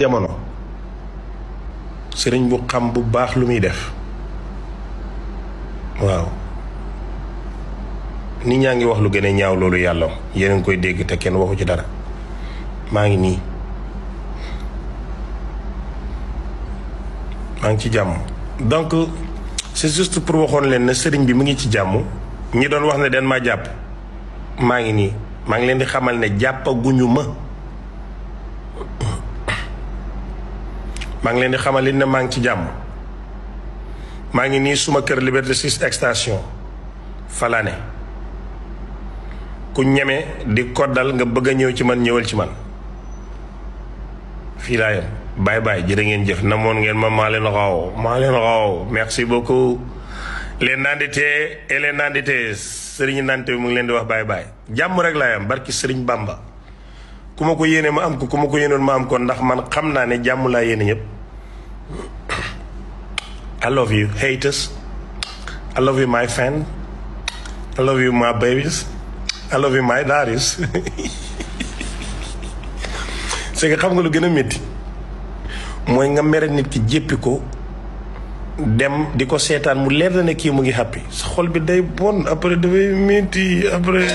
jamono sëriñ bu xam bu baax lu muy def waaw nit ñaa ngi wax lu gën a ñaaw loolu yàlla yéen a ngi koy dégg te kenn waxu ci dara maa ngi nii maa ngi ci jàmm donc c'est juste pour waxoon leen ne sëriñ bi mu ngi ci jàmm ñi doon wax ne den ma jàpp maa ngi nii maa ngi leen di xamal ne jàppaguñu ma maa ngi leen di xamal ne maa ngi ci jàmm maa ngi nii suma kër Liberté 6 extension falaane ku ñeme di koddal nga bëgg a ñëw ci man ñëwal ci man fii laa yem baay bye jërë ngeen jëf namoon ngeen ma maa leen raw maa leen merci beaucoup les nandité et les nandité sëriñ nante bi mu ngi leen di wax bye baay jàmm rek laayam yem barki sëriñ Bamba ku ma ko yéene ma am ko ku ma ko yéenoon ma am ko ndax man xam naa ne jàmm laa yéene ñëpp I love you haters I love you my fan I love you my babies I love you my daddies c'est que xam nga lu gën a métti mooy nga mere nit ki jéppi ko dem di ko seetaan mu leer na ne kii mu ngi happy sa xol bi day bon après dafay métti après.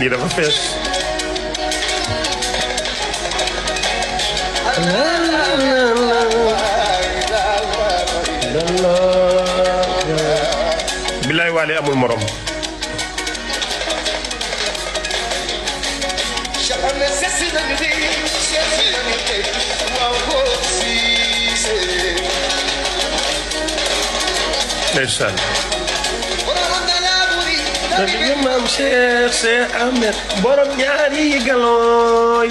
lii dafa fees. bilaay waale amul morom ndeysaan dañu maam Cheikh Cheikh Ahmed borom ñaari galooy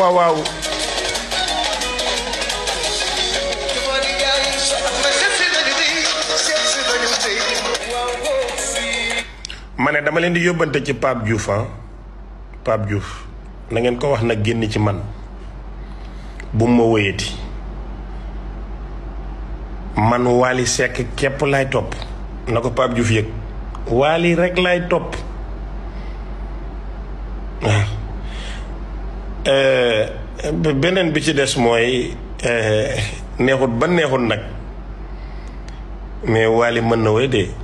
waaw waaw ma ne dama leen di yóbbante ci Pape Diouf ah Pape Diouf ko wax nag génn ci man bu ma wéyati man Wally Seck képp laay topp na ko Pape Diouf yëg Wally rek laay topp waaw ah. eh, beneen bi ci des mooy eh, neexut ba neexut nag mais Wally mën na wéy de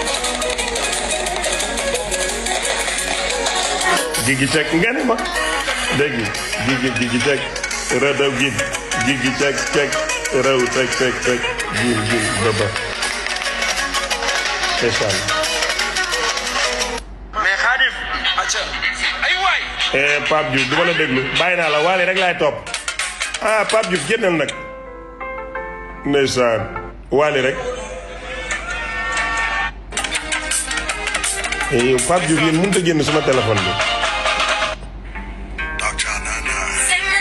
jigi cek ngeen ma dégg jigi radaw gin jigi cek raw cek cek cek gin gin baba incha allah mais xaadim acca eh, du ma la déglu bàyyi naa la waale rek lay topp ah Pape Diouf génnal nag ndeysaan waale rek eh, Pape Diouf yéen mënut a génn sama téléphone bi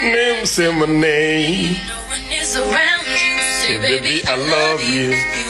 name, say my name. No one is around you. Say, baby, I love